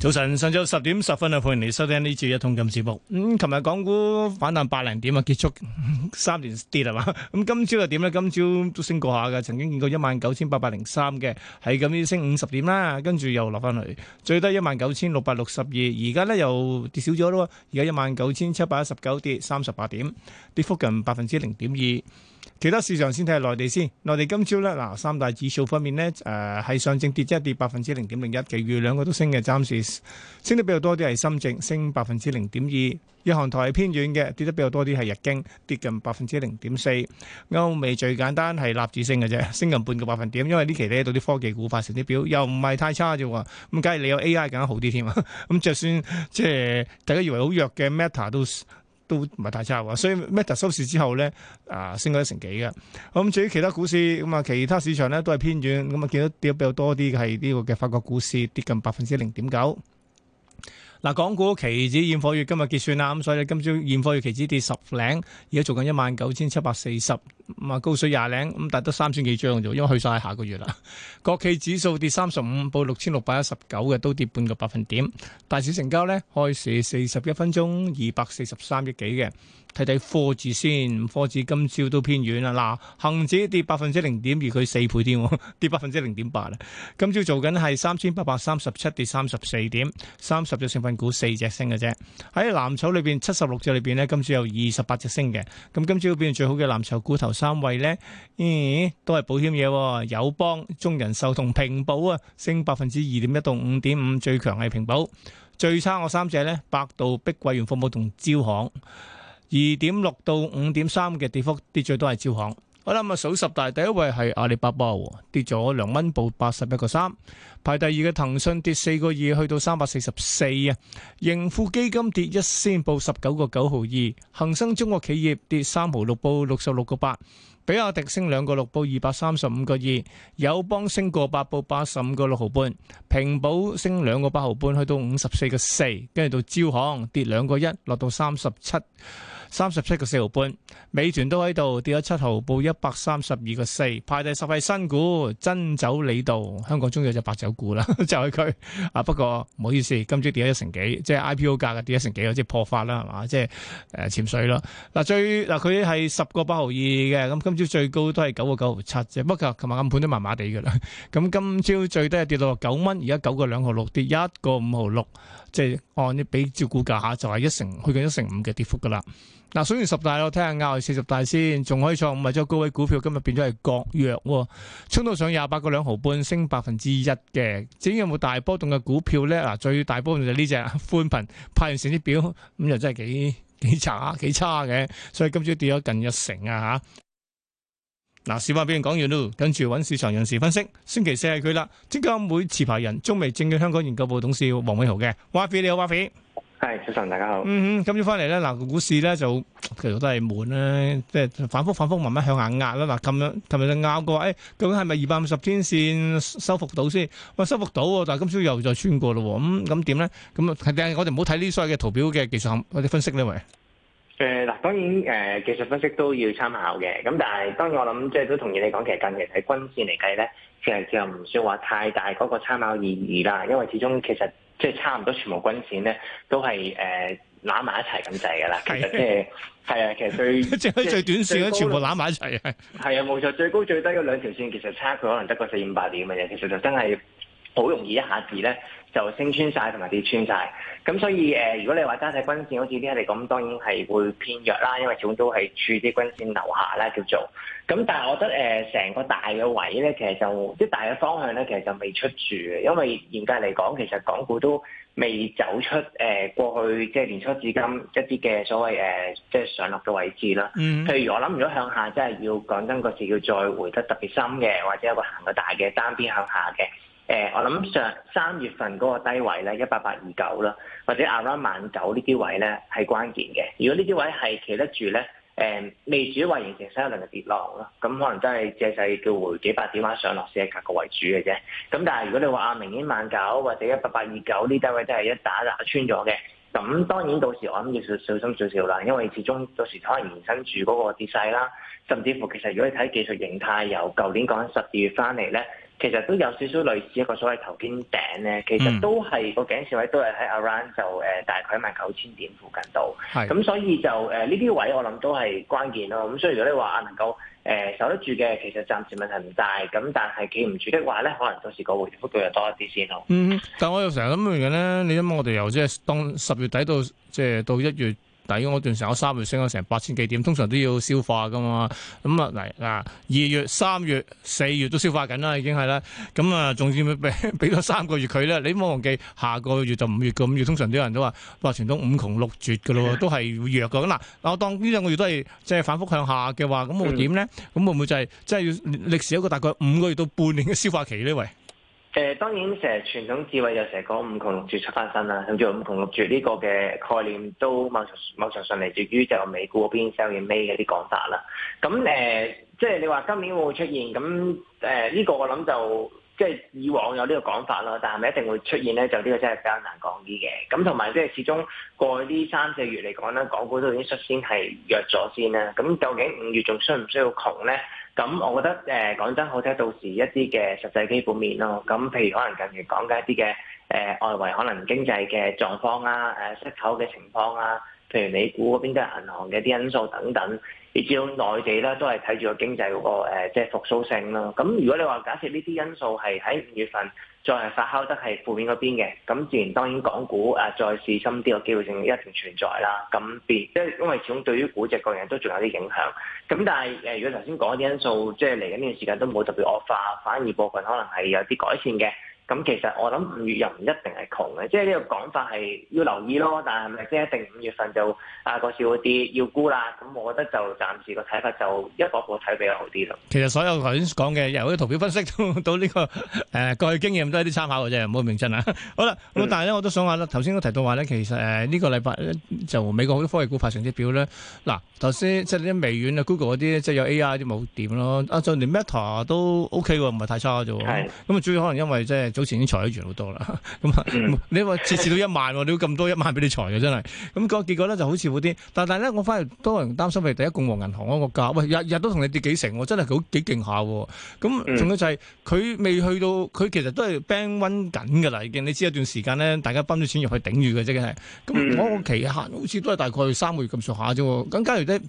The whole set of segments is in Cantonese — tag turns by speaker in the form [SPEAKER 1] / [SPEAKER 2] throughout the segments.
[SPEAKER 1] 早晨，上晝十點十分啊，歡迎嚟收聽呢次一,一桶金節目。咁、嗯，琴日港股反彈百零點啊，結束呵呵三連跌係嘛。咁今朝又點呢？今朝都升過下嘅，曾經見過一萬九千八百零三嘅，係咁要升五十點啦，跟住又落翻去，最低一萬九千六百六十二，而家呢又跌少咗咯。而家一萬九千七百一十九跌三十八點，跌幅近百分之零點二。其他市場先睇下內地先，內地今朝咧嗱，三大指數方面咧，誒係上證跌一跌百分之零點零一，其餘兩個都升嘅，暫時升得比較多啲係深證，升百分之零點二；日韓台係偏軟嘅，跌得比較多啲係日經，跌近百分之零點四。歐美最簡單係納指升嘅啫，升近半個百分點，因為呢期睇到啲科技股發成績表，又唔係太差啫喎。咁假如你有 AI 更加好啲添啊。咁就算即係大家以為好弱嘅 Meta 都。都唔係太差喎，所以 Meta 收市之後咧，啊升咗成幾嘅。咁至於其他股市，咁啊其他市場咧都係偏軟，咁啊見到跌得比較多啲嘅係呢個嘅法國股市跌近百分之零點九。嗱，港股期指現貨月今日結算啦，咁所以今朝現貨月期指跌十零，而家做緊一萬九千七百四十，咁啊高水廿零，咁但得三千幾張嘅啫，因為去晒下個月啦。國企指數跌三十五，報六千六百一十九嘅，都跌半個百分點。大市成交咧，開市四十一分鐘二百四十三億幾嘅。睇睇科指先，科指今朝都偏軟啦。嗱，恒指跌百分之零點二，佢四倍添，跌百分之零點八啦。今朝做緊係三千八百三十七跌三十四點，三十隻成分股四隻升嘅啫。喺藍籌裏邊，七十六隻裏邊呢，今朝有二十八隻升嘅。咁今朝表現最好嘅藍籌股頭三位呢，咦、嗯，都係保險嘢，友邦、中人壽同平保啊，升百分之二點一到五點五，最強係平保，最差我三隻呢，百度、碧桂園服務同招行。二點六到五點三嘅跌幅，跌最多係招行。好啦，咁數十大，第一位係阿里巴巴，跌咗兩蚊，報八十一個三。排第二嘅騰訊跌四個二，去到三百四十四啊。盈富基金跌一仙，報十九個九毫二。恒生中國企業跌三毫六，報六十六個八。比亞迪升兩個六，報二百三十五個二。友邦升個八，報八十五個六毫半。平保升兩個八毫半，去到五十四個四，跟住到招行跌兩個一，落到三十七三十七個四毫半，美團都喺度跌咗七毫，報一百三十二個四，排第十位新股，真走你道。香港終於有隻白酒股啦，就係佢。啊，不過唔好意思，今朝跌咗一成幾，即係 IPO 價嘅跌一成幾，即係破發啦，係嘛？即係誒潛水啦。嗱，最嗱佢係十個八毫二嘅，咁今朝最高都係九個九毫七啫。不過琴日暗盤都麻麻地㗎啦。咁今朝最低係跌到九蚊，而家九個兩毫六，跌一個五毫六。即係按呢比照股價就係、是、一成，去緊一成五嘅跌幅噶啦。嗱、啊，水完十大我睇下亞四十大先，仲可以創五，或者高位股票今日變咗係割弱，衝到上廿八個兩毫半，升百分之一嘅。至於有冇大波動嘅股票咧？嗱、啊，最大波動就呢隻寬頻派完成績表，咁又真係幾幾差幾差嘅，所以今朝跌咗近一成啊吓。嗱，小話俾人講完咯，跟住揾市場人士分析。星期四係佢啦，證監會持牌人，中美證券香港研究部董事黃偉豪嘅。Wafi 你好
[SPEAKER 2] ，Wafi，係早晨，大家好。
[SPEAKER 1] 嗯嗯，今朝翻嚟咧，嗱，個股市咧就其實都係悶啦，即係反覆反覆，慢慢向下壓啦。嗱，琴日就拗過，誒，究竟係咪二百五十天線收復到先？哇，收復到喎，但係今朝又再穿過咯。咁咁點咧？咁啊，我哋唔好睇呢啲嘅圖表嘅技術，我哋分析咧，咪。
[SPEAKER 2] 誒、呃、嗱，當然誒、呃、技術分析都要參考嘅，咁但係當然我諗即係都同意你講，其實近期喺均線嚟計咧，其實就唔算話太大嗰個參考意義啦，因為始終其實即係差唔多全部均線咧都係誒攬埋一齊咁滯㗎啦，其實即係係啊， 其實就係、 其實最即係 最短線咧，全部攬埋一齊， 係啊冇錯，最高最低嗰兩條線其實差佢可能得個四五百點嘅嘢，其實就真係好容易一下子咧。就升穿晒同埋跌穿晒，咁所以誒、呃，如果你話揸曬軍線，好似啲人嚟講，當然係會偏弱啦，因為始終都係處啲軍線樓下啦。叫做。咁但係我覺得誒，成、呃、個大嘅位咧，其實就即係大嘅方向咧，其實就未出住嘅，因為嚴格嚟講，其實港股都未走出誒、呃、過去即係年初至今一啲嘅所謂誒即係上落嘅位置啦。嗯。譬如我諗如果向下，即係要講真個字，要再回得特別深嘅，或者有一個行個大嘅單邊向下嘅。誒、呃，我諗上三月份嗰個低位咧，一八八二九啦，或者亞明萬九呢啲位咧係關鍵嘅。如果呢啲位係企得住咧，誒、呃、未至於形成新一輪嘅跌落咯。咁可能真係借勢叫回幾百點位上落市嘅格局為主嘅啫。咁但係如果你話亞明年萬九或者一八八二九呢低位都係一打打穿咗嘅，咁當然到時我諗要小心少少啦，因為始終到時可能延伸住嗰個跌勢啦，甚至乎其實如果你睇技術形態，由舊年講緊十二月翻嚟咧。其實都有少少類似一個所謂頭肩頂咧，其實都係個頸線位都係喺 around 就誒大概萬九千點附近度，咁所以就誒呢啲位我諗都係關鍵咯。咁所以如果你話能夠誒、呃、守得住嘅，其實暫時問題唔大。咁但係企唔住的話咧，可能到時個回調幅度又多一啲先咯。嗯，
[SPEAKER 1] 但係我又成日諗住嘅咧，你諗我哋由即係當十月底到即係到一月，第一嗰段成個三個月升咗成八千幾點，通常都要消化噶嘛。咁啊嚟二月、三月、四月都消化緊啦，已經係啦。咁啊，仲要俾俾多三個月佢咧。你唔好忘記，下個月就五月個五月，通常都有人都話，哇，傳統五窮六絕嘅咯，都係會弱㗎。咁嗱，我當呢兩個月都係即係反覆向下嘅話，咁會點咧？咁會唔會就係即係歷時一個大概五個月到半年嘅消化期呢？喂？
[SPEAKER 2] 誒、呃、當然成日傳統智慧就成日講五窮六絕出翻身啦，咁住五窮六絕呢個嘅概念都某程度上嚟至於就美股嗰邊收完尾嘅啲講法啦。咁誒、呃，即係你話今年會唔會出現？咁誒，呢個我諗就即係以往有呢個講法啦，但係咪一定會出現咧？就呢個真係比較難講啲嘅。咁同埋即係始終過去呢三四月嚟講咧，港股都已經率先係弱咗先啦。咁究竟五月仲需唔需要窮咧？咁我覺得誒講，呃、真好睇，到時一啲嘅實際基本面咯。咁譬如可能近期講緊一啲嘅誒外圍可能經濟嘅狀況啊，誒息口嘅情況啊。譬如你估嗰邊都係銀行嘅啲因素等等，而至於內地咧都係睇住個經濟嗰個即係復甦性咯。咁如果你話假設呢啲因素係喺五月份再發酵得係負面嗰邊嘅，咁自然當然港股誒再試深啲個機會性一定存在啦。咁變即係因為始終對於估值個人都仲有啲影響。咁但係誒，如果頭先講啲因素即係嚟緊呢段時間都冇特別惡化，反而部分可能係有啲改善嘅。咁其實我諗五月又唔一定係窮嘅，即係呢個講法係要留意咯。但係咪即係一定五月份就大個少啲要沽啦？咁我覺得就暫時個睇法就一個個睇比較好啲
[SPEAKER 1] 咯。其實所有頭先講嘅，由啲圖表分析到呢、這個誒、呃、過去經驗都係啲參考嘅啫。唔好明真啊！ 好啦，咁、嗯、但係咧我都想話啦，頭先都提到話咧，其實誒呢、呃這個禮拜咧就美國好多科技股發成績表咧。嗱頭先即係啲微軟啊、Google 嗰啲，即係有 AI 啲冇點咯。就連 Meta 都 OK 喎，唔係太差啫。咁啊主要可能因為即係。早前已經裁咗完好多啦，咁 你話折折到一萬，你咁多一萬俾你裁嘅真係，咁個結果咧就好似好啲，但係咧我反而多人擔心係第一共和銀行嗰個價，喂日日都同你跌幾成，真係好幾勁下。咁仲 有就係、是、佢未去到，佢其實都係 bank run 緊㗎啦已經，你知一段時間咧，大家泵咗錢入去頂住嘅啫，係咁我個期限好似都係大概三個月咁上下啫，咁假如咧。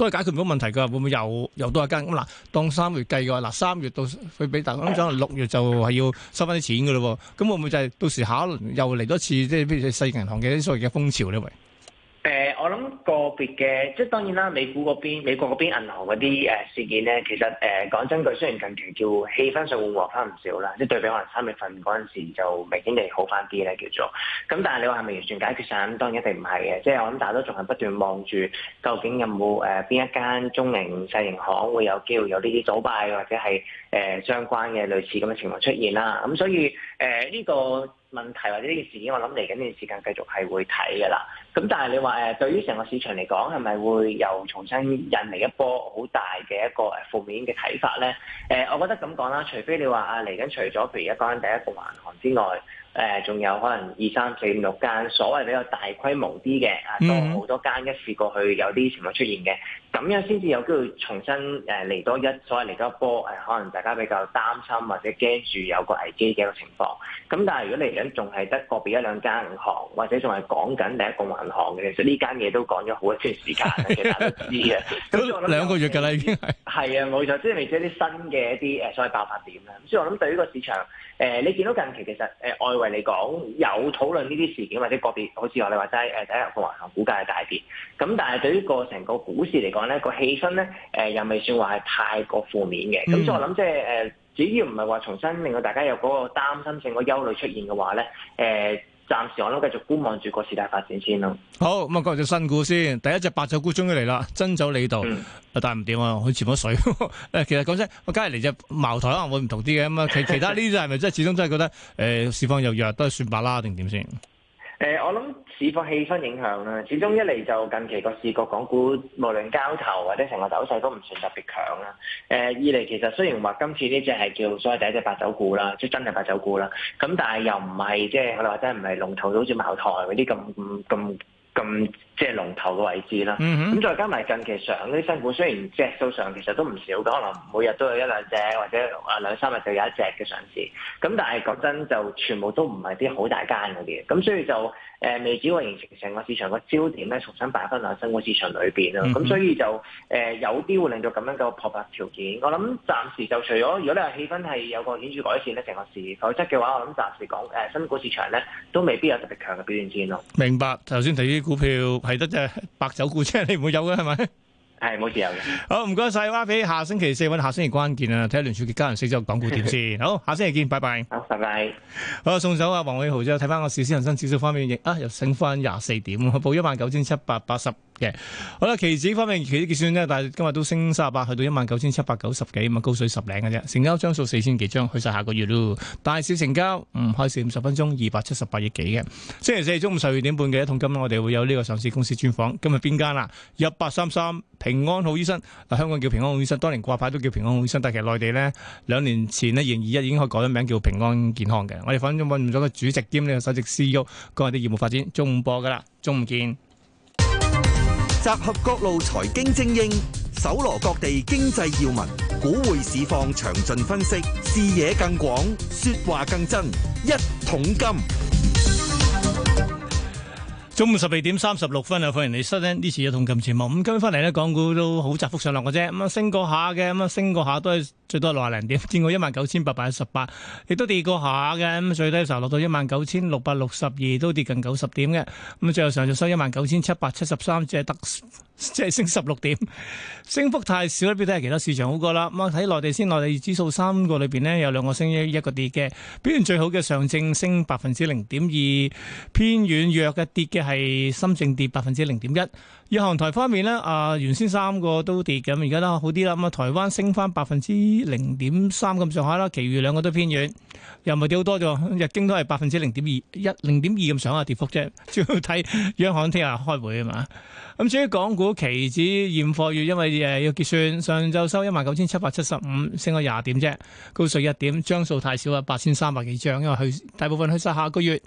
[SPEAKER 1] 都係解決唔到問題㗎，會唔會又又多一間咁嗱？當三月計嘅話嗱，三月到佢俾大，咁想六月就係要收翻啲錢㗎咯喎，咁會唔會就係到時下一輪又嚟多次，即係譬如細銀行嘅啲所謂嘅風潮咧？喂？
[SPEAKER 2] 我諗個別嘅，即係當然啦，美股嗰邊、美國嗰邊銀行嗰啲事件咧，其實誒、呃、講真句，雖然近期叫氣氛上緩和翻唔少啦，即係對比可能三月份嗰陣時就明顯地好翻啲咧叫做。咁但係你話係咪完全解決曬？當然一定唔係嘅。即係我諗大家都仲係不斷望住，究竟有冇誒邊一間中型細型行會有機會有呢啲倒閉或者係誒、呃、相關嘅類似咁嘅情況出現啦。咁、嗯、所以誒呢、呃呢個。問題或者呢件事件，我諗嚟緊呢段時間繼續係會睇嘅啦。咁但係你話誒，對於成個市場嚟講，係咪會又重新引嚟一波好大嘅一個誒負面嘅睇法咧？誒，我覺得咁講啦，除非你話啊嚟緊，除咗譬如一家講第一個銀行之外。誒、呃，仲有可能二三四五六間，所謂比較大規模啲嘅啊，多好多間一試過去，有啲情況出現嘅，咁樣先至有機會重新嚟多一所謂嚟多一波、呃、可能大家比較擔心或者驚住有個危機嘅一個情況。咁但係如果嚟緊仲係得個別一兩間銀行，或者仲係講緊第一個銀行嘅，其實呢間嘢都講咗好一段時間 其實大家都知嘅。咁 兩個月㗎啦、呃，已經係啊，我就即係未知啲新嘅一啲、呃、所謂爆發點啦。所以我諗對呢個市場、呃、你見到近期其實、呃、外。嚟講有討論呢啲事件或者個別，好似我哋話齋誒，第一個環行股價係大跌，咁但係對於個成個股市嚟講咧，個氣氛咧誒又未算話係太過負面嘅，咁所以我諗即係誒，只要唔係話重新令到大家有嗰個擔心性、個憂慮出現嘅話咧，誒。暫
[SPEAKER 1] 時我都繼續觀望住個事態發展先咯。好，咁啊講隻新股先，第一隻白酒股終於嚟啦，真走你度，啊、嗯、但係唔掂啊，佢潛咗水。誒， 其實講真，我梗係嚟隻茅台可能會唔同啲嘅，咁啊其其他呢啲係咪真係始終真係覺得誒、呃、市況又弱，都係算白啦定點先？
[SPEAKER 2] 誒、呃，我諗市況氣氛影響啦。始終一嚟就近期個市個港股，無論交投或者成個走勢都唔算特別強啦。誒、呃，二嚟其實雖然話今次呢隻係叫所謂第一隻白酒股啦，即係真係白酒股啦。咁但係又唔係即係我哋話齋唔係龍頭，好似茅台嗰啲咁咁。咁即係龍頭嘅位置啦，咁、嗯、再加埋近期上啲新股，雖然隻數上其實都唔少，可能每日都有一兩隻或者啊兩三日就有一隻嘅上市，咁但係講真就全部都唔係啲好大間嗰啲，咁所以就。誒、呃、未只會形成成個市場個焦點咧，重新擺翻落新股市場裏面啦。咁、嗯、所以就誒、呃、有啲會令到咁樣嘅破發條件。我諗暫時就除咗如果你係氣氛係有個顯著改善咧，成個市，否則嘅話，我諗暫時講、呃、新股市場咧都未必有特別強嘅表現先咯。
[SPEAKER 1] 明白。頭先睇啲股票係得隻，白酒股啫，你唔會有嘅係咪？係冇事有嘅，好唔該晒，阿飛下星期四搵下星期關鍵啊，睇下梁小姐家人四周識講股點先， 好下星期見，拜拜，好拜拜，好送走啊，黃偉豪，再睇翻我少先恒生指數方面，啊又升翻廿四點，報一萬九千七百八十。嘅、yeah. 好啦，期指方面，期指結算呢，但係今日都升三十八，去到一萬九千七百九十幾，咁啊高水十零嘅啫。成交張數四千幾張，去晒下個月咯。大小成交唔開市五十分鐘，二百七十八億幾嘅。星期四中午十二點半嘅，一桶金，我哋會有呢個上市公司專訪。今日邊間啦？一八三三平安好醫生，嗱香港叫平安好醫生，當年掛牌都叫平安好醫生，但其實內地呢，兩年前呢，二零二一已經可以改咗名叫平安健康嘅。我哋粉中咗個主席兼呢個首席 CEO，講下啲業務發展。中午播噶啦，中午見。集合各路財經精英，搜羅各地經濟要聞，股匯市況詳盡分析，視野更廣，說話更真。一桶金，中午十二點三十六分啊！歡迎你收聽呢次一桶金節目。咁今日翻嚟咧，港股都好窄幅上落嘅啫，咁啊升過下嘅，咁啊升過下都係。最多落六十零點，見過一萬九千八百一十八，亦都跌過下嘅。咁最低嘅時候落到一萬九千六百六十二，都跌近九十點嘅。咁最後上晝收一萬九千七百七十三，即係得即係升十六點，升幅太少咧，都係其他市場好過啦。咁啊，睇內地先，內地指數三個裏邊呢，有兩個升一，一個跌嘅。表現最好嘅上證升百分之零點二，偏軟弱嘅跌嘅係深證跌百分之零點一。日韓台方面咧，啊、呃、原先三個都跌咁，而家咧好啲啦。咁啊，台灣升翻百分之零點三咁上下啦，其餘兩個都偏軟，又唔係跌好多咗。日經都係百分之零點二一零點二咁上下跌幅啫。主要睇央行聽日開會啊嘛。咁至於港股期指現貨月，因為誒要結算，上晝收一萬九千七百七十五，升咗廿點啫，高水一點，張數太少啦，八千三百幾張，因為去大部分去晒下個月。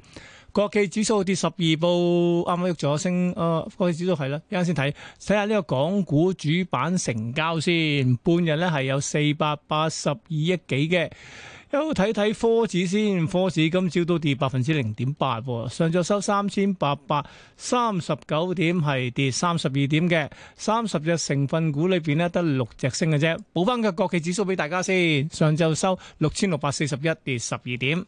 [SPEAKER 1] 國企指數跌十二步，啱啱喐咗升。啊、呃，國企指數係啦，一陣先睇，睇下呢個港股主板成交先。半日咧係有四百八十二億幾嘅。又睇睇科指先，科指今朝都跌百分之零點八，上晝收三千八百三十九點，係跌三十二點嘅。三十隻成分股裏邊咧得六隻升嘅啫。補翻個國企指數俾大家先，上晝收六千六百四十一，跌十二點。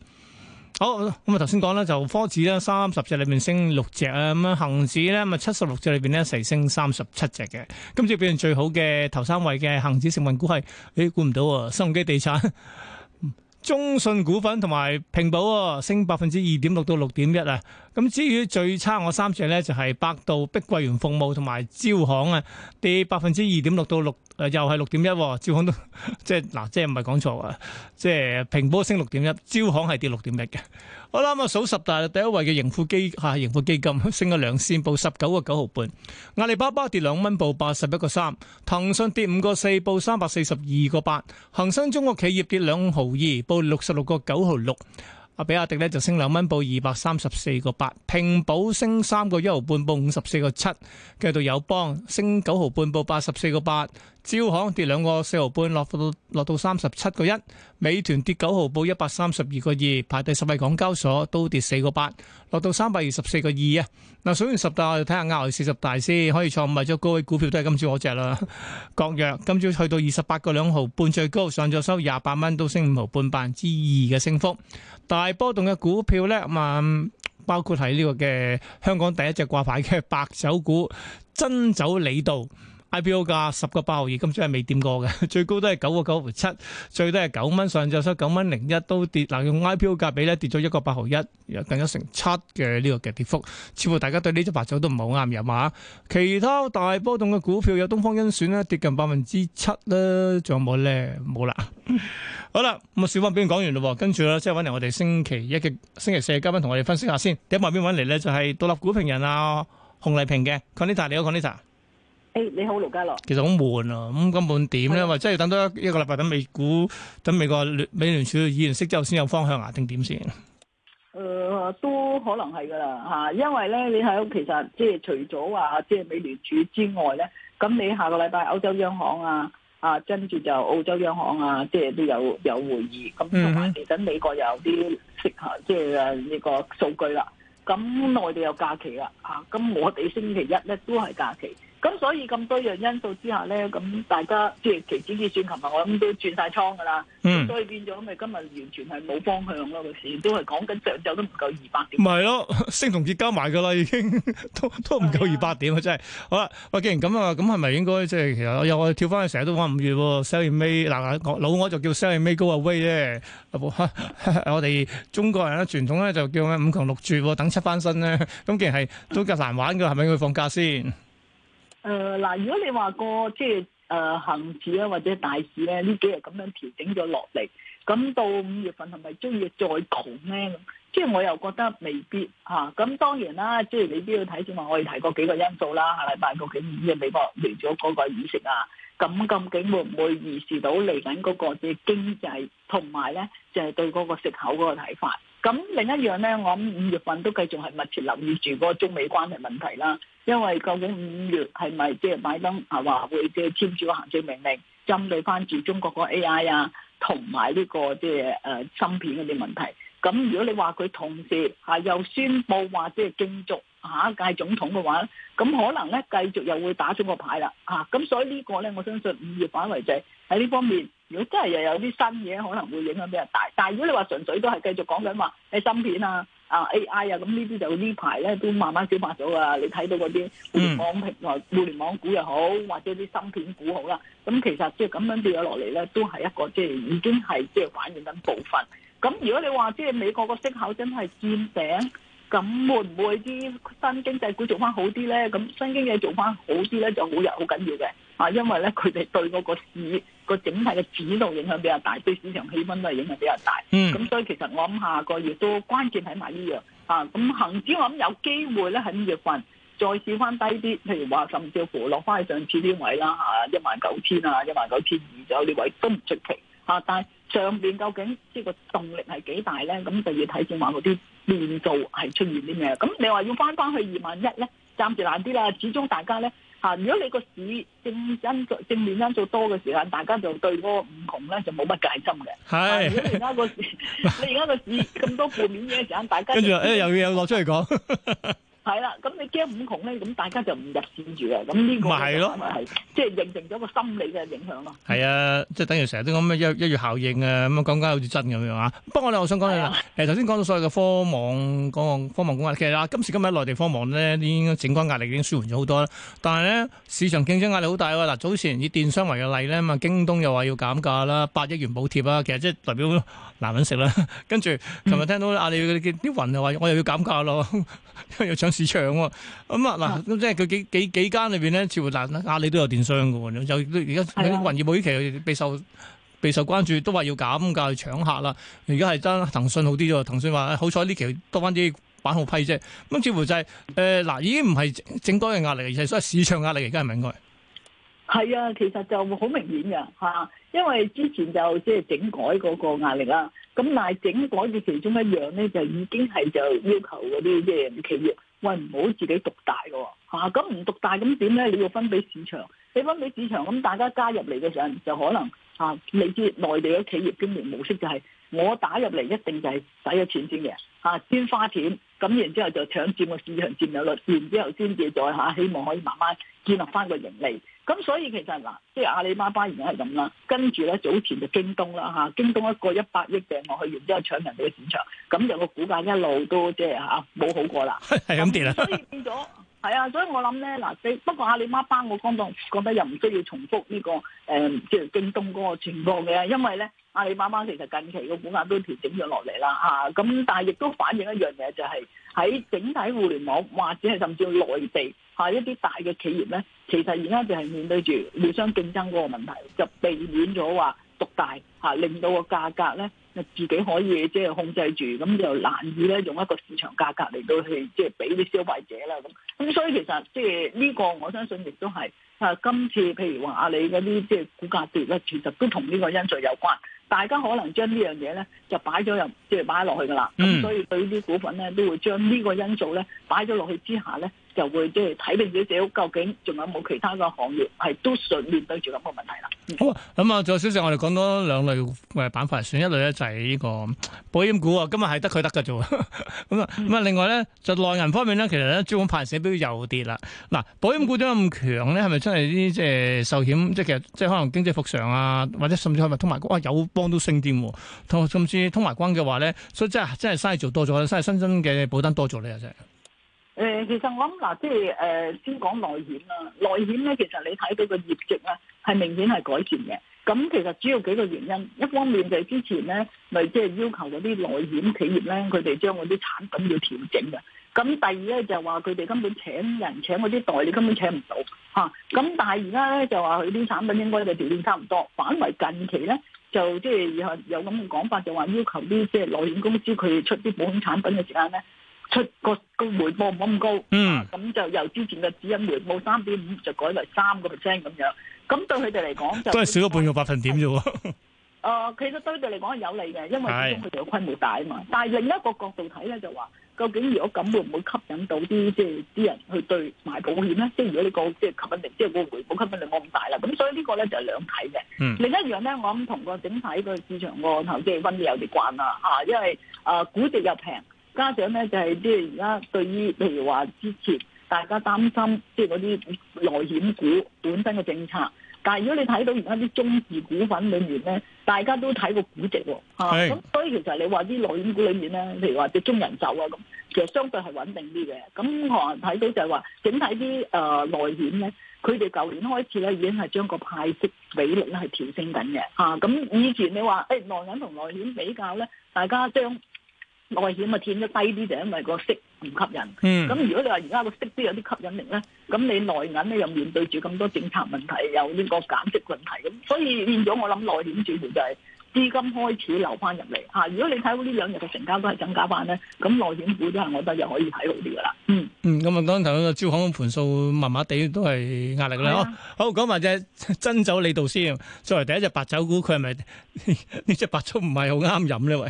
[SPEAKER 1] 好咁啊！頭先講啦，就科指啦，三十隻裏邊升六隻啊，咁啊恒指咧咪七十六隻裏邊咧齊升三十七隻嘅，今次表現最好嘅頭三位嘅恒指成分股係，誒估唔到啊，新鴻基地產。中信股份同埋平保喎，升百分之二點六到六點一啊！咁至於最差我三隻呢，就係百度、碧桂園服務同埋招行啊，跌百分之二點六到六，誒又係六點一，招行都即係嗱，即係唔係講錯啊！即係平保升六點一，招行係跌六點一嘅。好啦，咁啊數十大第一位嘅盈富基嚇盈富基金、啊、盈富基金升咗兩線報十九個九毫半，阿里巴巴跌兩蚊報八十一個三，騰訊跌五個四報三百四十二個八，恒生中國企業跌兩毫二。六十六個九毫六，阿比亞迪咧，就升兩蚊，報二百三十四個八，平保升三個一毫半，報五十四個七，繼續到友邦升九毫半，報八十四個八。招行跌兩個四毫半，落到落到三十七個一；美團跌九毫，報一百三十二個二，排第十位。港交所都跌四個八，落到三百二十四個二啊！嗱，數完十大，我哋睇下額外四十大先，可以創唔係咗高位股票都係今朝嗰隻啦。國藥今朝去到二十八個兩毫半最高，上咗收廿八蚊，都升五毫半，百分之二嘅升幅。大波動嘅股票咧，咁包括喺呢個嘅香港第一隻掛牌嘅白酒股珍酒李渡。IPO 票價十個八毫二，今朝係未掂過嘅，最高都係九個九毫七，最低係九蚊，上就收九蚊零一都跌，嗱用 IPO 票價比咧跌咗一個八毫一，又近咗成七嘅呢個嘅跌幅，似乎大家對呢隻白酒都唔係好啱入啊！其他大波動嘅股票有東方甄選咧跌近百分之七啦，仲有冇咧？冇啦， 好啦，咁啊，小方表講完咯，跟住咧即係搵嚟我哋星期一嘅星期四嘅嘉賓同我哋分析下先。第一外邊搵嚟咧就係、是、獨立股評人啊洪麗萍嘅 Connyta，你好 Connyta。Karnita
[SPEAKER 3] 誒、hey，你好，盧家樂。
[SPEAKER 1] 其實好悶啊，咁根本點咧？即係等多一一個禮拜等美股，等美國美聯儲議員息之後先有方向啊？定點先？誒、
[SPEAKER 3] 呃，都可能係噶啦吓，因為咧你喺其實即係除咗話即係美聯儲之外咧，咁你下個禮拜歐洲央行啊啊，跟住就澳洲央行啊，即係都有有會議，咁同埋其實等美國有啲適合，即係呢個數據啦。咁內地有假期啦，吓、啊、咁我哋星期一咧都係假期。咁所以咁多樣因素之下
[SPEAKER 1] 咧，咁大家即係期指跌穿，琴日我諗都轉晒倉噶啦。咁所以變咗咪今日完全係冇方向咯，個市都係講緊上晝都唔夠二百點。唔係咯，升同跌加埋噶啦，已經都都唔夠二百點啊！真係好啦，我既然咁啊，咁係咪應該即係其實又我跳翻去成日都講五月 sell in May，嗱老我就叫 sell in May go away 啫。我哋中國人咧傳統咧就叫咩五窮六住等七翻身咧。咁既然係都咁難玩嘅，係咪要放假先？
[SPEAKER 3] 誒、呃、如果你話個即係誒恆指啊，或者大市咧，呢幾日咁樣調整咗落嚟，咁到五月份係咪終於再窮咧？即係我又覺得未必咁、啊、當然啦，即係你都要睇住話，我哋提過幾個因素啦，下禮拜個幾月美國嚟咗嗰個議息呀。咁究竟會唔會預示到嚟緊嗰個嘅經濟同埋呢就係、是、對嗰個息口嗰個睇法？咁另一樣咧，我諗五月份都繼續係密切留意住嗰個中美關係問題啦，因為究竟五月係咪即係拜登係話會即係簽署個行政命令，針對翻住中國個 AI 啊，同埋呢個即係誒芯片嗰啲問題？咁如果你話佢同時嚇又宣布話即係競逐下一屆總統嘅話咧，咁可能咧繼續又會打中國牌啦嚇。咁所以呢個咧，我相信五月反為就係喺呢方面。如果真係又有啲新嘢，可能會影響比較大。但係如果你話純粹都係繼續講緊話，你、欸、芯片啊、啊 AI 啊，咁呢啲就呢排咧都慢慢消化咗啊。你睇到嗰啲互聯網平台、嗯、互聯網股又好，或者啲芯片股好啦。咁其實即係咁樣跌咗落嚟咧，都係一個即係已經係即係反映緊部分。咁如果你話即係美國個息口真係佔頂，咁會唔會啲新經濟股做翻好啲咧？咁新經濟做翻好啲咧，就好日好緊要嘅啊，因為咧佢哋對嗰個市。個整體嘅指導影響比較大，對市場氣氛都係影響比較大。咁、嗯、所以其實我諗下個月都關鍵喺埋呢樣啊。咁恆指我諗有機會咧喺月份再試翻低啲，譬如話甚至乎落翻去上次啲位啦，嚇一萬九千啊，一萬九千二左右啲位都唔出奇。嚇、啊，但係上邊究竟即係個動力係幾大咧？咁就要睇正話嗰啲變數係出現啲咩。咁你話要翻翻去二萬一咧，暫時難啲啦。始終大家咧。啊！如果你個市正因正面因素多嘅時間，大家就對嗰個五窮咧就冇乜戒心嘅。係、啊，如果而家個，你而家個市咁 多負面嘢嘅時間，大家跟住誒又
[SPEAKER 1] 要落出嚟講。
[SPEAKER 3] 係啦、啊，咁你驚五
[SPEAKER 1] 窮咧，咁大家就唔入線住啊！咁呢個咪係咯，即係認定咗個心理嘅影響咯。係啊，即、就、係、是、等於成日都講咩一,一月效應啊，咁啊講緊好似真咁樣啊！不過咧，我想講啦，頭先講到所謂嘅科網科網股啊，其實今時今日內地科網咧，整體壓力已經舒緩咗好多啦。但係咧，市場競爭壓力好大喎。嗱早前以電商為嘅例咧，嘛京東又話要減價啦，八億元補貼呀。其實即係代表難揾食啦。跟住琴日聽到阿里嘅啲雲又話我又要減價咯，市場喎，咁啊嗱，咁即係佢幾幾幾間裏邊咧，似乎難壓力都有電商噶喎，有而家喺雲業務呢期備受備受關注，都話要減價，去搶客啦。而家係得，騰訊好啲啫，騰訊話、哎、好彩呢期多返啲版號批啫。咁、嗯、似乎就係誒嗱，已經唔係整，整，整多嘅壓力，而係所謂市場壓力嚟。而家係唔係應該？
[SPEAKER 3] 係啊，其實就好明顯嘅嚇，因為之前就即係整改嗰個壓力啦。咁但係整改嘅其中一樣咧，就已經係就要求嗰啲即係企業，喂唔好自己獨大嘅，嚇咁唔獨大咁點咧？你要分俾市場，你分俾市場咁大家加入嚟嘅時候，就可能嚇、啊、你知內地嘅企業經營模式就係、是、我打入嚟一定就係使咗錢先嘅嚇，先花錢，咁然之後就搶佔個市場佔有率，然之後先至再下、啊，希望可以慢慢建立翻個盈利。咁所以其實嗱，即、啊、係、就是、阿里巴巴而家係咁啦，跟住咧早前就京東啦、啊、京東一個一百億嘅，我去，然之後搶人哋嘅市場，咁就嗰個股價一路都即係冇好過啦，係咁跌啦。 所以變咗係 啊，所以我諗咧嗱，你、啊、不過阿里巴巴我剛剛覺得又唔需要重複呢、這個誒，即、嗯、係京東嗰個情況嘅，因為咧阿里巴巴其實近期個股價都調整咗落嚟啦嚇，咁、啊啊、但係亦都反映一樣嘢就係、是、喺整體互聯網或者係甚至內地嚇、啊、一啲大嘅企業咧。其實而家就係面對住互相競爭嗰個問題，就避免咗話獨大吓，令到個價格咧，自己可以即係控制住，咁就難以咧用一個市場價格嚟到去即係俾啲消費者啦。咁咁所以其實即係呢個我相信亦都係啊，今次譬如話阿里嗰啲即係股價跌咧，其實都同呢個因素有關。大家可能將呢樣嘢咧就擺咗入即係擺落去噶啦。咁所以對於啲股份咧都會將呢個因素咧擺咗落去之下咧，就會
[SPEAKER 1] 即係睇你自己究竟仲有冇其他嘅行業係都順面對住咁個問題啦。好啊，咁啊，仲有小石，我哋講多兩類誒板塊先，一類咧就係呢個保險股啊。今日係得佢得嘅啫咁啊，咁 啊、嗯，另外咧就內銀方面咧，其實咧專款派息都又跌啦。嗱，保險股點解咁強咧？係咪真係啲即係壽險？即係其實即係可能經濟復常啊，或者甚至係咪通埋股啊？友邦都升啲喎、啊，甚至通埋關嘅話咧，所以真係真係嘥做多咗，真係新增嘅保單多咗咧啊！真。
[SPEAKER 3] 誒，其實我諗嗱，即係誒，先講內險啦。內險咧，其實你睇到個業績咧，係明顯係改善嘅。咁其實主要幾個原因，一方面就係之前咧，咪即係要求嗰啲內險企業咧，佢哋將嗰啲產品要調整嘅。咁第二咧就話佢哋根本請人請嗰啲代理根本請唔到，吓。咁但係而家咧就話佢啲產品應該就調整差唔多。反為近期咧就即係有有咁嘅講法，就話要求啲即係內險公司佢出啲保險產品嘅時間咧。出個個回報唔好咁高，嗯，咁就由之前嘅指引回報三點五，就改為三個 percent 咁樣。咁對佢哋嚟講，都係少
[SPEAKER 1] 咗半個百分點啫喎。
[SPEAKER 3] 誒，其實對佢哋嚟講係有利嘅，因為始終佢哋嘅規模大啊嘛。但係另一個角度睇咧，就話究竟如果咁會唔會吸引到啲即係啲人去對買保險咧？即係如果呢個即係吸引力，即係個回報吸引力冇咁大啦。咁所以呢個咧就係兩睇嘅。另一樣咧，我諗同個整體個市場個頭先嘅氛圍有啲關啦嚇，因為誒估值又平。家長咧就係即係而家對於譬如話之前大家擔心即係嗰啲內險股本身嘅政策，但係如果你睇到而家啲中字股份裏面咧，大家都睇過估值喎、哦、咁、啊、所以其實你話啲內險股裏面咧，譬如話啲中人壽啊咁，其實相對係穩定啲嘅。咁我睇到就係話整體啲誒、呃、內險咧，佢哋舊年開始咧已經係將個派息比率咧係調升緊嘅嚇。咁、啊、以前你話誒、欸、內銀同內險比較咧，大家將內險啊，填咗低啲就係因為個息唔吸引。咁如果你話而家個息都有啲吸引力咧，咁你內銀咧又面對住咁多政策問題，又呢個減息問題，咁所以變咗我諗內險轉轉就係資金開始流翻入嚟吓。如果你睇到呢兩日嘅成交都係增加翻咧，咁內險股都係我覺得又可以睇好啲噶啦。嗯
[SPEAKER 1] 嗯，咁啊，剛才個招行盤數麻麻地都係壓力啦。好，講埋隻珍酒李渡先，作為第一隻白酒股，佢係咪呢隻白粥唔係好啱飲咧？喂？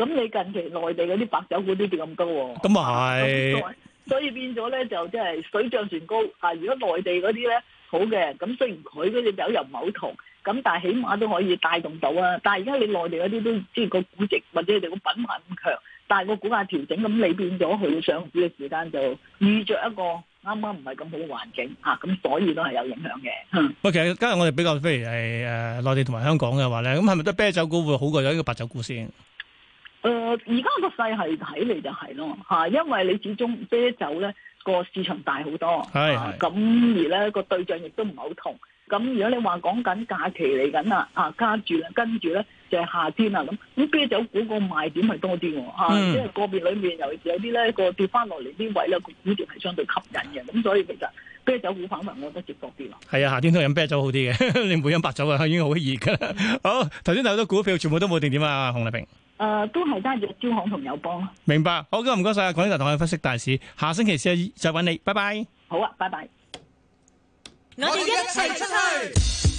[SPEAKER 3] 咁你近期內地嗰啲白酒股都跌咁多喎，咁啊係，所以變咗咧就即係水漲船高。啊，如果內地嗰啲咧好嘅，咁雖然佢嗰隻酒又唔係好同，咁但係起碼都可以帶動到啊。但係而家你內地嗰啲都即係個估值或者你哋個品牌咁強，但係個股價調整咁，你變咗佢上市嘅時間就
[SPEAKER 1] 遇著一個
[SPEAKER 3] 啱啱唔係咁好嘅環境吓，咁所以都係有影響嘅。
[SPEAKER 1] 不過其實今日我哋比較，譬如係誒內地同埋香港嘅話咧，咁係咪都啤酒股會好過咗呢個白酒股先？
[SPEAKER 3] 誒、呃，而家個勢係睇嚟，就係咯，吓，因為你始終啤酒咧個市場大好多，係、啊，咁而咧個對象亦都唔係好同。咁如果你話講緊假期嚟緊啊加住啦，跟住咧就係、是、夏天啦，咁咁啤酒股個賣點係多啲，吓、嗯啊，因為個別裏面尤其是有有啲咧個跌翻落嚟啲位咧，個股價係相對吸引嘅，咁所以其實啤酒股反而我覺得接多啲咯。
[SPEAKER 1] 係啊，夏天都飲啤酒好啲嘅，你唔會飲白酒啊，已經好熱噶喇。嗯、好，頭先睇到股票全部都冇定點啊，洪麗萍。
[SPEAKER 3] 誒，都係揸住
[SPEAKER 1] 招行同友邦咯。明白，好嘅，唔該晒啊！講完就同我哋分析大市，下星期四再搵你，拜拜。
[SPEAKER 3] 好
[SPEAKER 4] 啊，拜拜。我哋一齊出去。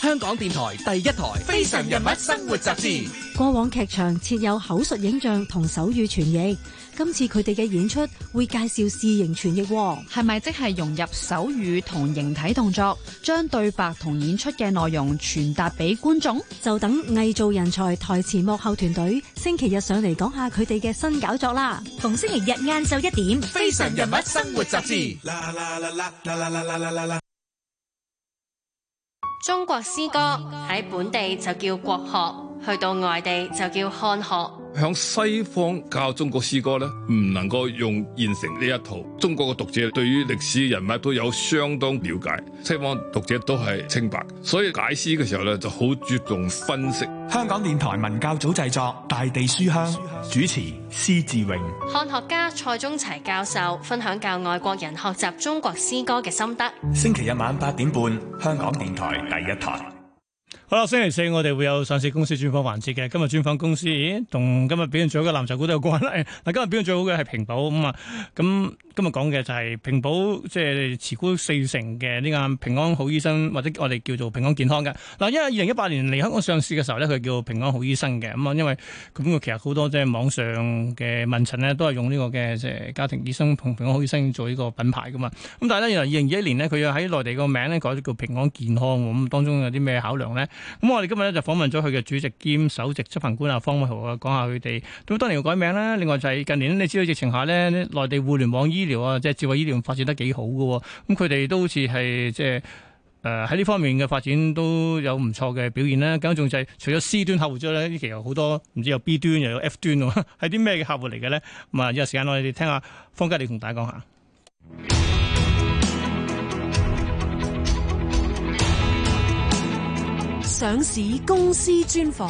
[SPEAKER 2] 香港電台第一台《非常人物》生活雜誌。
[SPEAKER 5] 過往劇場設有口述影像同手語傳譯。今次佢哋嘅演出會介紹視形傳譯，係咪即係融入手語同形體動作，將對白同演出嘅內容傳達俾觀眾？就等藝造人才、台前幕後團隊星期日上嚟講下佢哋嘅新搞作啦！逢星期日晏晝一點，
[SPEAKER 3] 《非常人物生活雜誌》。
[SPEAKER 5] 中國詩歌喺本地就叫國學，去到外地就叫漢學。
[SPEAKER 1] 向西方教中國詩歌咧，唔能夠用現成呢一套。中國嘅讀者對於歷史人物都有相當了解，西方讀者都係清白，所以解詩嘅時候咧就好注重分析。香港電台文教組製作《大地書香》書香，主持施志榮，
[SPEAKER 5] 漢學家蔡宗齊教授分享教外國人學習中國詩歌嘅心得。
[SPEAKER 1] 星期日晚八點半，香港電台第一台。好啦，星期四我哋會有上市公司專訪環節嘅。今日專訪公司，咦，同今日表現最好嘅藍籌股都有關係。但今日表現最好嘅係平保咁啊，咁、嗯。今日講嘅就係平保，即係持股四成嘅呢間平安好醫生，或者我哋叫做平安健康嘅。嗱，因為二零一八年嚟香港上市嘅時候呢，佢叫平安好醫生嘅。咁啊，因為咁佢其實好多即係網上嘅問診呢，都係用呢個嘅即係家庭醫生同平安好醫生做呢個品牌噶嘛。咁但係咧，原來二零二一年呢，佢又喺內地個名呢改咗叫平安健康。咁當中有啲咩考量呢？咁我哋今日呢，就訪問咗佢嘅主席兼首席執行官啊方偉豪啊，講下佢哋咁當年改名啦。另外就係近年你知道疫情下呢，內地互聯網醫即係智慧醫療發展得幾好噶，咁佢哋都好似係即係誒喺呢方面嘅發展都有唔錯嘅表現啦。咁仲就係除咗 C 端客戶之外咧，呢期有好多唔知道有 B 端又有 F 端喎，係啲咩嘅客戶嚟嘅咧？咁、嗯、啊，有時間我哋聽下方家麗同大家講下。
[SPEAKER 5] 上市公司專訪。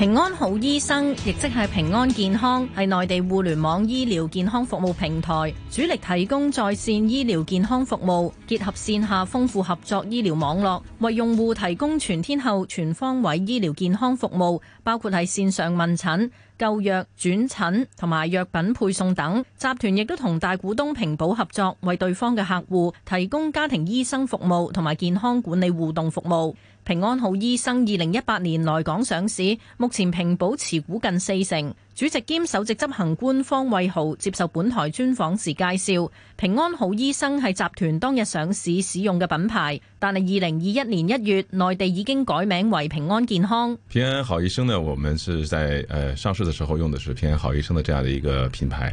[SPEAKER 5] 平安好醫生，亦即係平安健康，係內地互聯網醫療健康服務平台，主力提供在線醫療健康服務，結合線下豐富合作醫療網絡，為用戶提供全天候全方位醫療健康服務，包括係線上問診、購藥、轉診同埋藥品配送等。集團亦都同大股東平保合作，為對方嘅客戶提供家庭醫生服務同埋健康管理互動服務。平安好醫生二零一八年來港上市，目前平保持股近四成。主席兼首席執行官方蔚豪接受本台專訪時介紹：平安好醫生係集團當日上市使用嘅品牌，但係二零二一年一月，內地已經改名為平安健康。
[SPEAKER 4] 平安好醫生呢，我們是在呃上市的時候用的是平安好醫生的這樣的嘅一個品牌。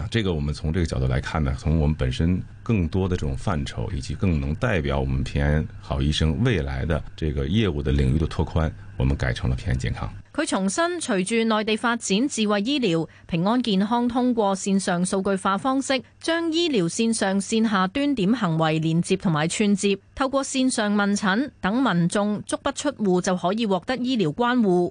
[SPEAKER 4] 啊，這個我們從這個角度來看呢，從我們本身更多的這種範疇，以及更能代表我們平安好醫生未來的這個業務的領域的拓寬，我們改成了平安健康。
[SPEAKER 5] 佢重申，隨住內地發展智慧醫療，平安健康通過線上數據化方式，將醫療線上線下端點行為連接同埋串接，透過線上問診等民眾足不出戶就可以獲得醫療關護。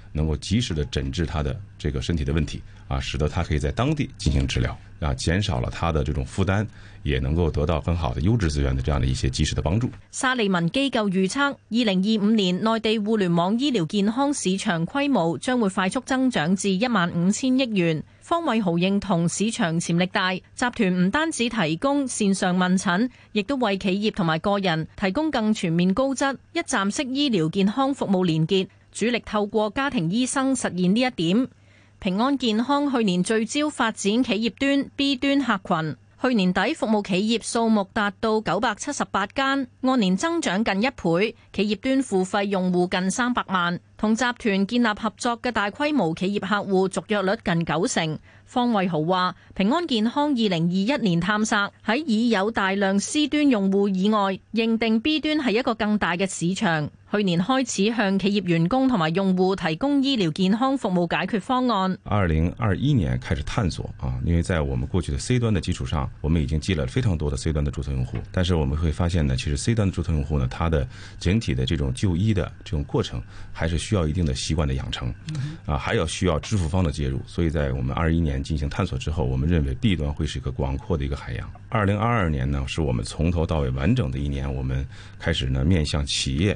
[SPEAKER 4] 能夠及時的診治他的這個身體的問題啊，使得他可以在當地進行治療啊，減少了他的這種負擔，也能夠得到很好的優質資源的這樣的一些及時的幫助。
[SPEAKER 5] 沙利文機構預測，二零二五年內地互聯網醫療健康市場規模將會快速增長至一萬五千億元。方偉豪認同市場潛力大，集團唔單止提供線上問診，亦都為企業同埋個人提供更全面、高質一站式醫療健康服務連結。主力透過家庭醫生實現呢一點。平安健康去年聚焦發展企業端 B 端客群，去年底服務企業數目達到九百七十八間，按年增長近一倍。企業端付費用戶近三百萬，同集團建立合作嘅大規模企業客戶續約率近九成。方衛豪話：平安健康二零二一年探索喺已有大量 C 端用戶以外，認定 B 端係一個更大嘅市場。去年開始向企業員工同埋用戶提供醫療健康服務解決方案。
[SPEAKER 4] 二零二一年開始探索啊，因為在我們過去的 C 端的基礎上，我們已經積累了非常多的 C 端的註冊用戶。但是我們會發現呢，其實 C 端的註冊用戶呢，它的整體的這種就醫的這種過程，還是需要一定的習慣的養成，啊，還要需要支付方的介入。所以在我們二一年進行探索之後，我們認為 B 端會是一個廣闊的一個海洋。二零二二年呢，是我們從頭到尾完整的一年，我們開始呢，面向企業。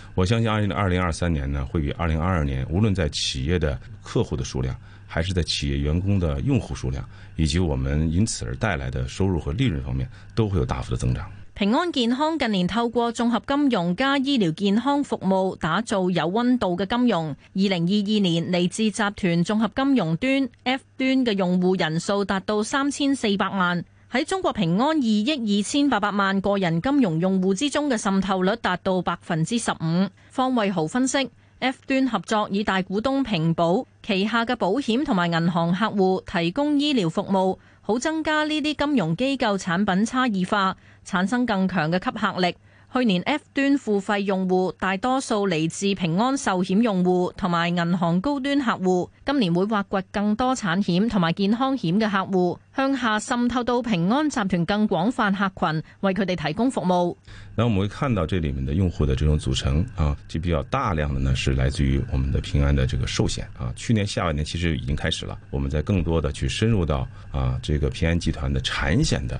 [SPEAKER 4] 我相信二零二三年呢，會比二零二二年，無論在企業的客戶的數量，還是在企業員工的用戶數量，以及我們因此而帶來的收入和利潤方面，都會有大幅的增長。
[SPEAKER 5] 平安健康近年透過綜合金融加醫療健康服務，打造有温度嘅金融。二零二二年，嚟自集團綜合金融端 F 端嘅用戶人數達到三千四百萬。喺中國平安二億二千八百萬個人金融用戶之中嘅滲透率達到百分之十五。方惠豪分析，F 端合作以大股東平保旗下嘅保險同埋銀行客戶提供醫療服務，好增加呢啲金融機構產品差異化，產生更強嘅吸客力。去年 F 端付費用戶大多數嚟自平安壽險用戶同埋銀行高端客戶，今年會挖掘更多產險同埋健康險嘅客戶，向下滲透到平安集團更廣泛客群，為佢哋提供服務。
[SPEAKER 4] 那我們會看到這裏面的用戶的這種組成啊，就比較大量的呢，是來自於我們的平安的這個壽險啊。去年下半年其實已經開始了，我們在更多的去深入到啊，這個平安集團的產險的。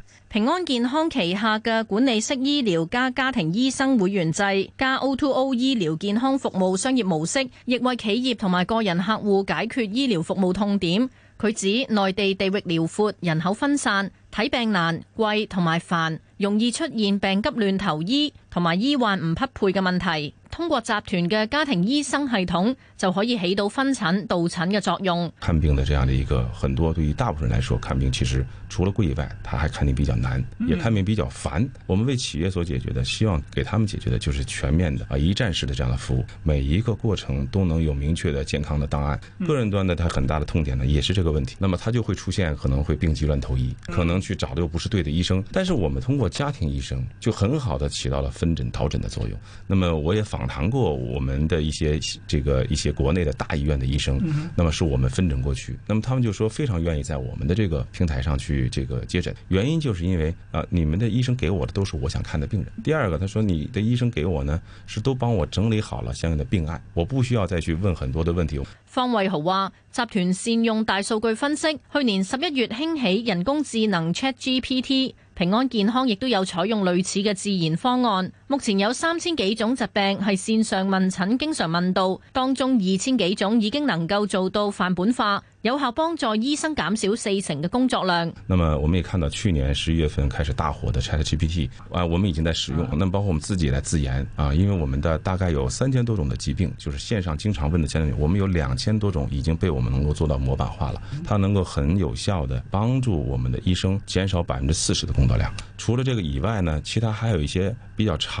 [SPEAKER 5] 平安健康旗下嘅管理式醫療加家庭醫生會員制加 O to O 醫療健康服務商業模式，亦為企業同埋個人客戶解決醫療服務痛點，佢指內地地域遼闊、人口分散、睇病難、貴同埋煩，容易出現病急亂投醫同埋醫患唔匹配嘅問題。通過集團的家庭醫生系統，就可以起到分診、導診的作用。
[SPEAKER 4] 看病的這樣的一個很多對於大部分人來說，看病其實除了貴以外，他還看病比較難，也看病比較煩。我們為企業所解決的，希望給他們解決的，就是全面的啊一站式的這樣的服務。每一個過程都能有明確的健康的檔案。個人端的，它很大的痛點呢，也是這個問題。那麼它就會出現可能會病急亂投醫，可能去找的又不是對的醫生。但是我們通過家庭醫生就很好的起到了分診、導診的作用。那麼我也仿訪談過我們的一些這個一些國內的大醫院的醫生，那麼是我們分診過去，那麼他們就說非常願意在我們的這個平台上去這個接診，原因就是因為啊，你們的醫生給我的都是我想看的病人。第二個，他說你的醫生給我呢是都幫我整理好了相應的病案，我不需要再去問很多的問題。
[SPEAKER 5] 方衛豪話，集團善用大數據分析，去年十一月興起人工智能 ChatGPT，平安健康亦都有採用類似嘅自研方案。目前有三千幾種疾病係線上問診，經常問到，當中二千幾種已經能夠做到範本化，有效幫助醫生減少四成的工作量。
[SPEAKER 4] 那麼我們也看到去年十一月份開始大火的 Chat GPT，啊，我們已經在使用。那麼包括我們自己來自研，啊，因為我們的大概有三千多種的疾病，就是線上經常問的疾病，我們有兩千多種已經被我們能夠做到模板化了，它能夠很有效的幫助我們的醫生減少百分之四十的工作量。除了這個以外呢，其他還有一些比較長。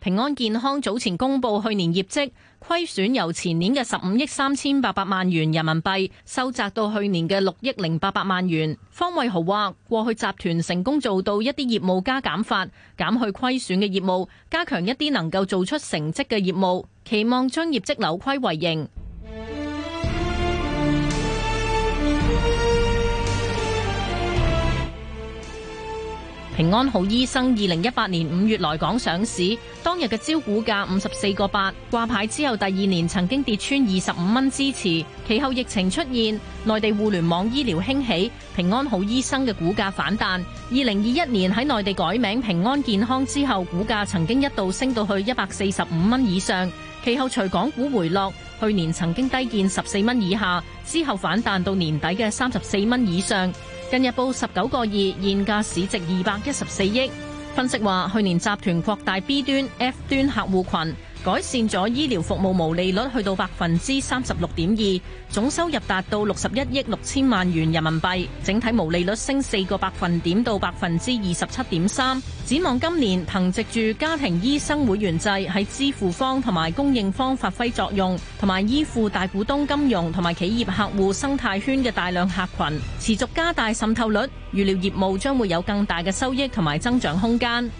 [SPEAKER 5] 平安健康早前公布去年業績虧損，由前年嘅十五億三千八百萬元人民幣收窄到去年嘅六億零八百萬元。方偉豪話：過去集團成功做到一啲業務加減法，減去虧損嘅業務，加強一啲能夠做出成績嘅業務，期望將業績扭虧為盈。平安好醫生二零一八年五月來港上市，當日嘅招股價五十四個八，掛牌之後第二年曾經跌穿二十五蚊支持，其後疫情出現，內地互聯網醫療興起，平安好醫生嘅股價反彈。二零二一年喺內地改名平安健康之後，股價曾經一度升到去一百四十五蚊以上，其後隨港股回落，去年曾經低見十四蚊以下，之後反彈到年底嘅三十四蚊以上。近日報十九個二，現價市值二百一十四億。分析話，去年集團擴大 B 端、F 端客戶群。改善咗醫療服務毛利率去到百分之三十六點二，總收入達到六十一億六千萬元人民幣，整體毛利率升四個百分點到百分之二十七點三。展望今年憑借住家庭醫生會員制喺支付方同埋供應方發揮作用，同埋依附大股東金融同埋企業客戶生態圈嘅大量客群，持續加大滲透率，預料業務將會有更大嘅收益同埋增長空間。